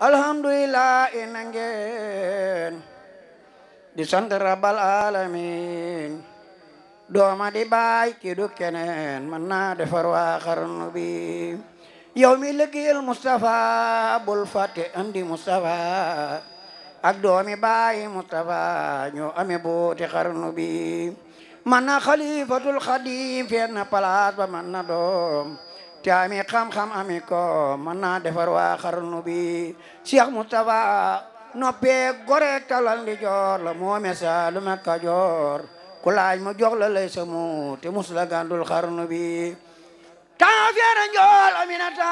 alhamdulillah ina ngeen di sant rabbal alamin dooma baay ki du keneen man naa defar waa xarnu bi yow mi liggéeyal Moustapha bul fàtte andi ak doomi baay Moustapha ñoo ame booti xarnu bi man na xalifatul palaas ba man doom te ami xam-xam ami ko mën naa defar waa xarnu bi Cheikh Moustapha noppee gore talal ndi joor la moome saalu ma kajoor ku laaj ma jox la lay samu te mus la gàndul xarnu bi taa feere njool aminata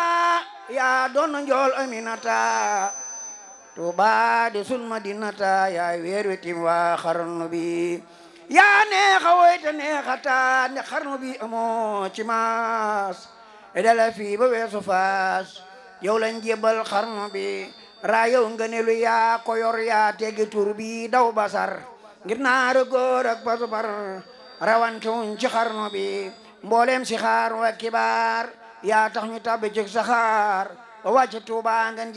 yaa doon njool aminata Tuubaa di sun madinata yaa weer wetim waa xarnu bi yaa neexa woyta neexata ne xarnu bi amoo ci maas dala fii ba weesu faas yow lañ jébal xarnu bi raa yow nga lu yaa ko yor yaa tegi tur bi daw basar ngir naar goor ak basubar rawantuñ ci xarnu bi mbooleem si xaar wa kibaar yaa tax ñu tabbi ci saxaar ba wàcc tuuba ngan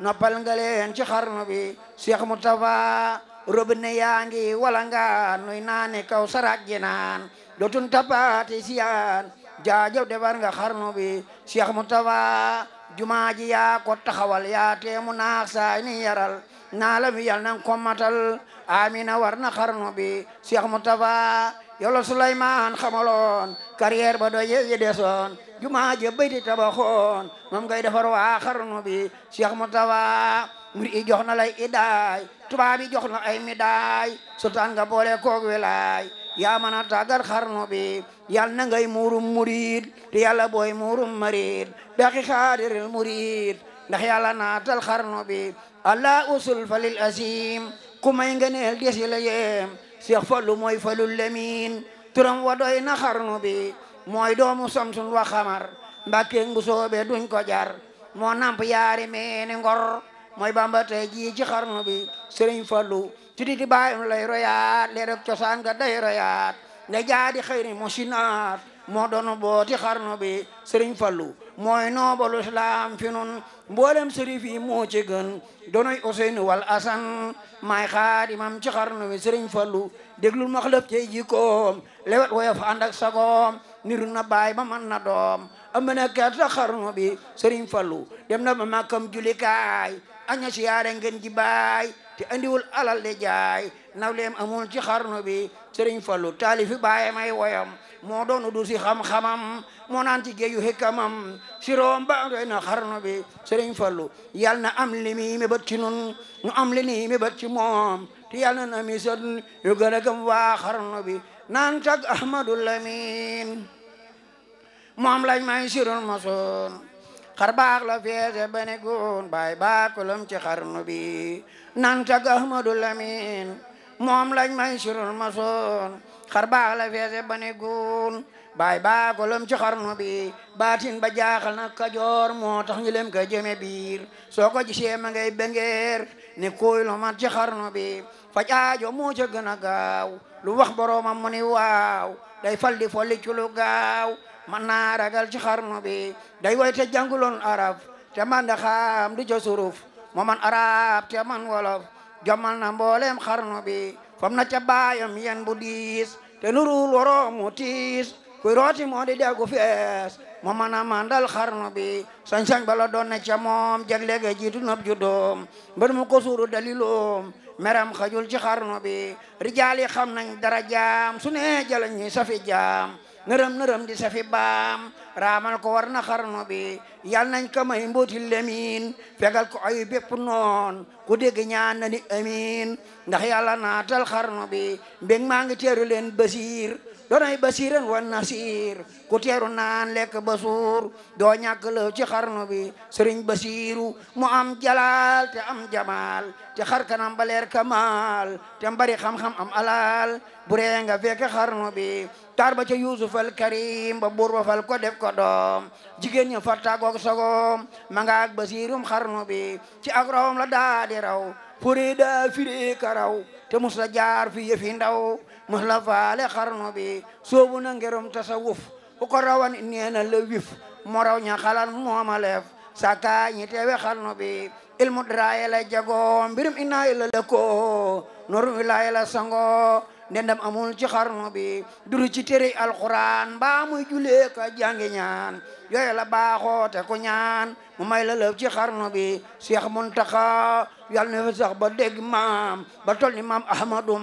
noppal nga ci xarnu bi mu Moustapha robinet yaa ngi wala nga nuy naane kaw saraaj ji naan dootun tapaati siyaan jaajëf defar nga xarnu bi Cheikh Moustapha jumaa ji yaa ko taxawal yaa teemu naax saay ni yaral naa la mi yal nan ko amina war na xarnu bi Cheikh Moustapha yow la Souleymane ba doy desoon jumaa bayti tabaxoon moom ngay defar waa xarnu bi Cheikh Moustapha mbir i jox na lay i daay tubaab yi jox na ay mi daay sultaan nga boole koog wilaay yaa mën a tàggat yal na ngay muurum murid te yàlla booy muurum marid daqi xaadiril murid ndax yàlla naatal xarnu bi allah usul falil asim ku may ngeneel desi la yeem seex fallu mooy falul lemin turam wa doy na xarnu bi moy doomu samsun wa xamar mbàkkeeg bu soobee duñ ko jar moo namp yaari meene ngor mooy bamba tey jii ci bi sëriñ fallu ci di di bàyyum lay royaat léeg rek cosaan nga day royaat ne jaadi xayri mu sinaar moo doon booti xarnu bi sëriñ fallu mooy noobalu islaam fi nun mboolem sëriñ fi moo ci gën donoy Ousseynou wal Asan maay xaadimam ci xarnu bi sëriñ fallu déglul maxlëf cey jikkoom lewet na baay ba mën na doom am na kerta bi sëriñ fallu dem na ba màkkam julikaay aña siyaare ngeen ji baay te andiwul alal de jaay nawleem amul ci xarnu bi Serigne Fallou taalifi baaye may woyam moo doon du si xam moo naan ci géeyu hikkamam siroom ba doy na xarnu bi Serigne Fallou yal na am li mi mi ci nun nu am li nii mi bët ci moom te yal na na yu gën a gëm waa xarnu bi naan tag Ahmadou Lamine moom lañ may sirul masoon xar la feese bene baay baax kolom ci xarnu bi naan tag Ahmadou Lamine moom laaj may sirul ma soon xar baax la feese ba ne baay baa ko lëm ci xarnu bi baatin ba jaaxal na kajoor moo tax ñu lem ko jëme biir soo ko gisee ma ngay bengeer ni kuy lu mat ci xarnu bi faj aajo moo ca gën a gaaw lu wax boroomam mu ni waaw day fal di folli ci gaaw man naa ragal ci xarnu bi day woy te jànguloon arab te man da xam du ca suruf moo man arab te man wolof jommal na mboolem xarnu bi fam na ca baayam yen bu diis te nurul waroomu tiis kuy rooti moo di deggu fees moo mën a mandal xarnu bi sañ bala doon na ca moom jagleega jiitu nob ju doom mbër mu ko suuru daliloom meram xajul ci xarnu bi rijaal yi xam nañ dara jaam su ne jalañ ñuy safi jaam nërëm nërëm di safi baam raamal ko war na xarnu bi yal nañ ko may mbooti lemin fegal ko ay bépp noon ku dégg ñaan na ni amin ndax yàlla naatal xarnu bi mbég maa ngi teeru leen basiir doonay basiiran wa nasiir ku teeru naan lekk ba doo ñàkk lëw ci xarnu bi sëriñ basiru mu am jalaal te am jamaal te xar kanam ba leer kamaal te mbari xam-xam am alaal bu ree nga fekk xarnu bi tar ba ca yuusuf al karim ba buur ba fal ko def ko doom jigéen ñi fartaagoog sagoom ma nga ak basiirum ci ak rawam la daa puree daa firee karaw te mos la jaar fi yëfi ndaw mos faale xarnu bi soobu na ngerum tasawuf ku ko rawan nee na la wif mo raw ña xalan mooma leef saka ñi teewe xarnu bi ilmu daraye la jago mbirum inaa ila la ko noru wilaaye la sango nde ndam amul ci xarnu bi duru ci tere alquran mbaa muy julee ka jàngi ñaan yooyu la baaxoo te ku ñaan mu may la lëf ci xarnu bi Cheikh Muntaxa yal na fi sax ba dégg maam ba tol ni maam ahmadu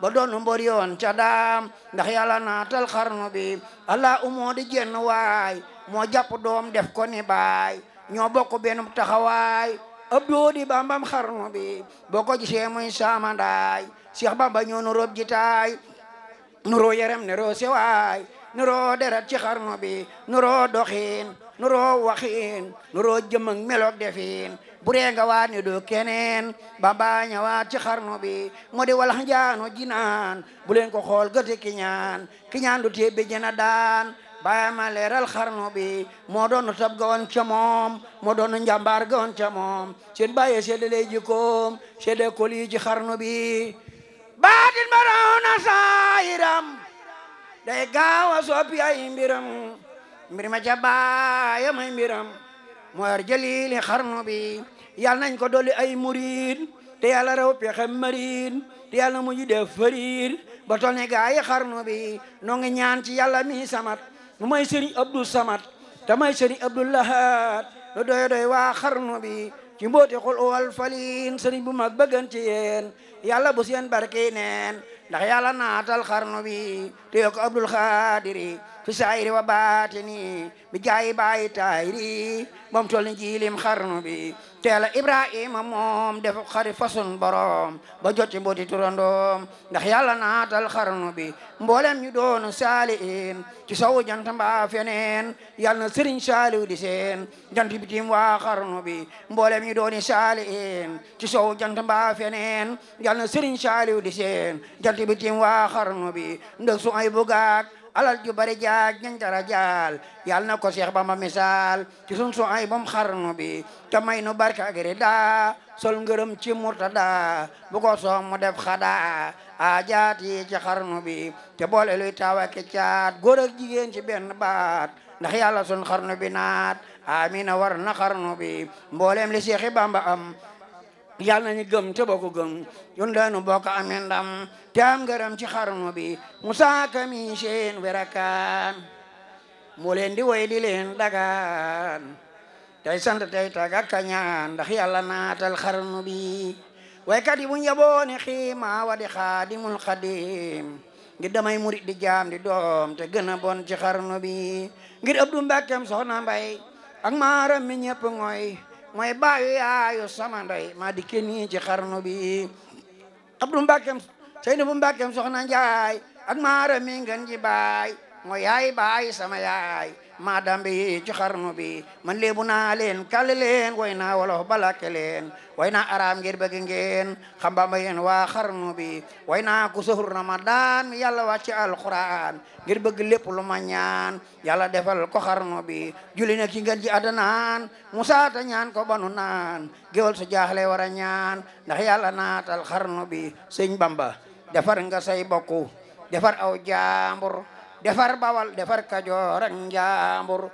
ba doon mbor yoon ca daam ndax yàlla naatal xarnu bi allah umoo di jenn waay moo jàpp doom def ko ni baay ñoo bokk benn taxawaay ab doodi bambam xarnu bi boo ko gisee muy saamandaay Cheikh Bamba ñoo nu roob jitaay nu roo yaram ne roo sewaay nu roo deret ci xarnu bi nu roo doxiin nu roo waxiin nu roo jëm ak meloog bu ree nga waat ni du keneen Bamba ñëwaat ci xarnu bi moo di walax njaanu jinaan bu leen ko xool gëti ki ñaan ki ñaan du tee béjjëna daan bàyyi ma leeral xarnu bi moo doon tab ga woon ca moom moo doon njàmbaar ga woon ca moom seen bàyyee seede lay jikkoom seede ko lii ci xarnu bi baatin ba raw na saayiram day gaaw a soppi ay mbiram mbir ma ca baaya may mbiram moo yor jëlili xarnu bi yàlla nañ ko dolli ay murid te yàlla raw pexe marid te yàlla mujj def farid ba tol ne gaa yi bi noo ngi ñaan ci yàlla mi samat mu may sëriñ Abdou Samat te may sëriñ Abdou Lahad lu doy doy waa xarnu bi ci mbooti xul uwal falin sëriñ bu mag bëggan ci yéen yàlla bu seen barke neen ndax yàlla naatal xarnu bi te yokk abdul xaadiri fi saayiri wa baatini bi jaayi baayi taayiri moom tol ni jiilim xarnu bi teela ibrahima moom def xari fasun borom ba jot ci turandoom ndax yàlla naatal xarnu bi mboolem ñu doon saaliin ci sowu jant mbaa feneen yàlla na sëriñ saaliw di seen jant bitim waa xarnu bi mboolem ñu dooni saaliin ci sowu jant mbaa feneen yàlla na sëriñ saaliw di seen jant bitim waa xarnu bi ay bugaak alal ju bari jaaj nañ dara jaal yal na ko Seex Bamba misaal ci sun so ay bom xarnu bi te may nu barke agri daa sol ngërëm ci da bu ko soo mu def xadaa ajaat yi ci xarnu bi te boole luy taawa ke caat góor ak jigéen ci benn baat ndax yàlla sun xarnu bi naat amina war na xarnu bi mbooleem li Seexi Bamba am yàlla nañu gëm te bokk gëm yun dañu bokk te am ngërëm ci xarnu bi Musaa kami seen werakaan moo leen di woy di leen dagaan tey sant tey taga kañaan ndax yàlla naatal xarnu bi waykat yi buñ yabooni xiima wa di xaadimul xadim ngir damay murit di jaam di doom te gën a ci xarnu bi ngir Abdu Mbàkkeem soxna Mbay ak maaram mi ñëpp ngoy mooy baayu sama ndey maa di kenn ci xarnu bi Abdou Mbakkeem Seynabou Mbakkeem soxna Njaay ak maara mi ngeen ji baay mooy yaay baay sama yaay madam bi ci xarnu bi man léebu naa leen kàll leen way naa wolof balake leen way naa araam ngir bëgg ngeen xambamba yéen waa xarnu bi way naa ku sahur ramadan mi yàlla wàcce alquran ngir bëgg lépp lu ma ñaan yàlla defal ko xarnu bi juli na ki ngeen ji adanaan musa ta ñaan ko banu naan géwal su jaaxle war ñaan ndax yàlla naatal xarnu bi sëñ bamba defar nga say bokku defar aw jaambur defar bawal defar kajoor ak njaambur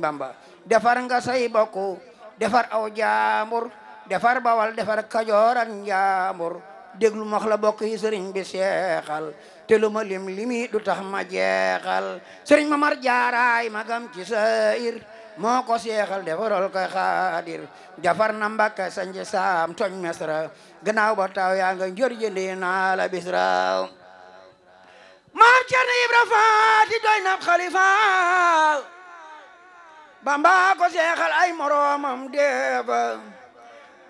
bamba defar nga say bokku defar aw jaambur defar bawal defar kajoor ak njaambur déglu mox la bokk yi sëriñ bi seexal te lu ma lim limi du tax ma jeexal sëriñ mamar jaaraay magam ci sayir moo ko seexal na mbakka sanji saam toñ mesra gannaaw ba taw yaa nga njor jëndi maam Cerno Ibra Faati doy na xalifa Bamba ko ay moroomam deeba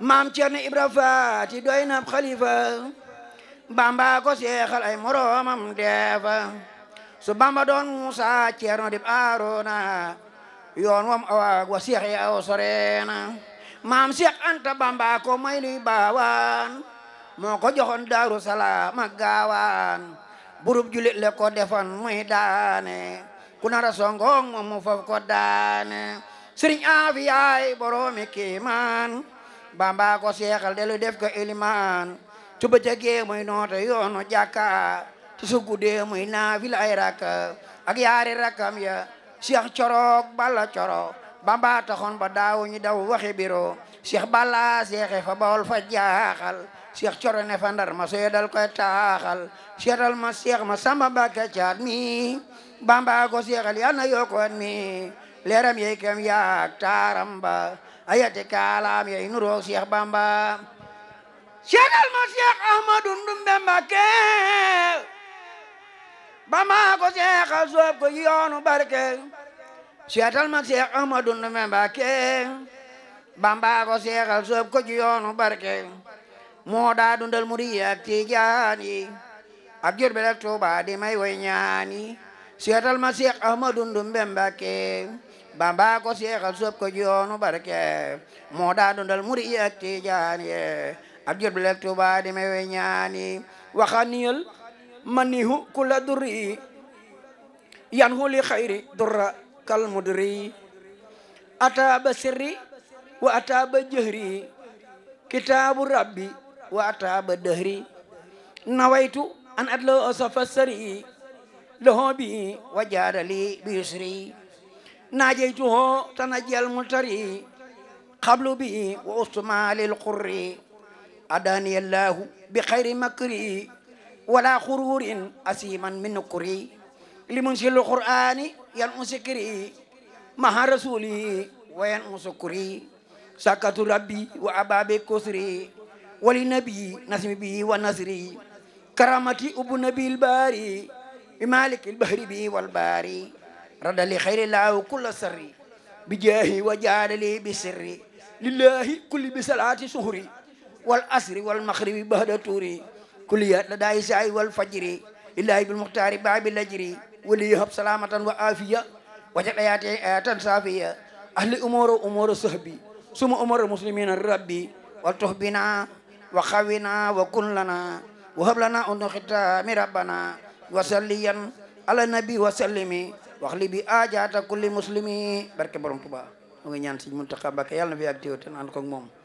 maam Cerno Ibra Faati doy na xalifa Bamba ko ay moroomam deeba su Bamba doon Muusa Cerno dib Aarona yoon wam awaag wa seex aw soreena maam Seex Anta Bamba ko may moo ko joxoon Daaru ak gaawaan burub julit le ko defan muy daane ku nara songong moom mu foof ko daane sëriñ aafiyaay boroomi kiimaan bamba ko seexal delu def ko ilimaan su bëccëgee muy noote yoonu jàkka su su guddee muy naafila ay rakka ak yaari rakkam ya seex corook balla corook bamba taxoon ba daaw ñu daw waxi biro cheikh balla seexe fa bawol fa jaaxal cheikh corone fa ndar ma seedal koy taaxal seetal ma cheikh ma samba bàkke caat mi bamba ko seexal yal na yokkoon mi yey kem yaak taaram ba ayati kaalaam yey nuroog cheikh bamba seetal ma cheikh ahmadu ndumbe mbàkke bamba ko seexal soob ko yoonu barke seetal ma seex Ahmadu Ndume Mbàkke Bamba ko seexal soob ko ci yoonu barke moo daa dundal murid ak Tijaan yi ak Jurbel ak Tuuba di may way ñaani seetal ma seex Ahmadu Ndume Mbàkke Bamba ko seexal soob ko ci yoonu barke moo daa dundal murid ak Tijaan yi ak Jurbel ak Tuuba di may way ñaani waxaniyal manihu kula durri yan huli xayri durra kal mudri ataaba sirri wa ataaba jëhri kitaabu rabbi wa ataaba dëhri nawaytu an adlo asafa sari lahu bi wa jaadali bi yusri naajaytuhu tanajjal multari qablu bi wa usmalil qurri adani allahu bi xayri makri wala xururin asiman min nukri limunsil qur'ani yan usikri maha rasuli wa yan usukri sakatu rabbi wa ababe kusri wali nabi nasmi bi wa nasri karamati ubu nabil bari malikil bahri bi wal bari radali khayri law kulla sirri bi jahi wa jadali bi sirri lillahi kulli bi salati suhri wal asri wal maghribi bahda turi kulli ya ladai sa'i wal fajri illahi bil muhtari babil ajri وليهب سلامة وعافية وجعل حياتي حياة صافية أهل أمور أمور صحبي ثم أمور المسلمين ربي وتحبنا وخونا وكن لنا وهب لنا أن ختام ربنا وسليا على النبي وسلم واخلي بآجات كل مسلمي بركة برم تبا نغي نيان سيج منتخب بك يالنا بياك تيوتن عندكم موم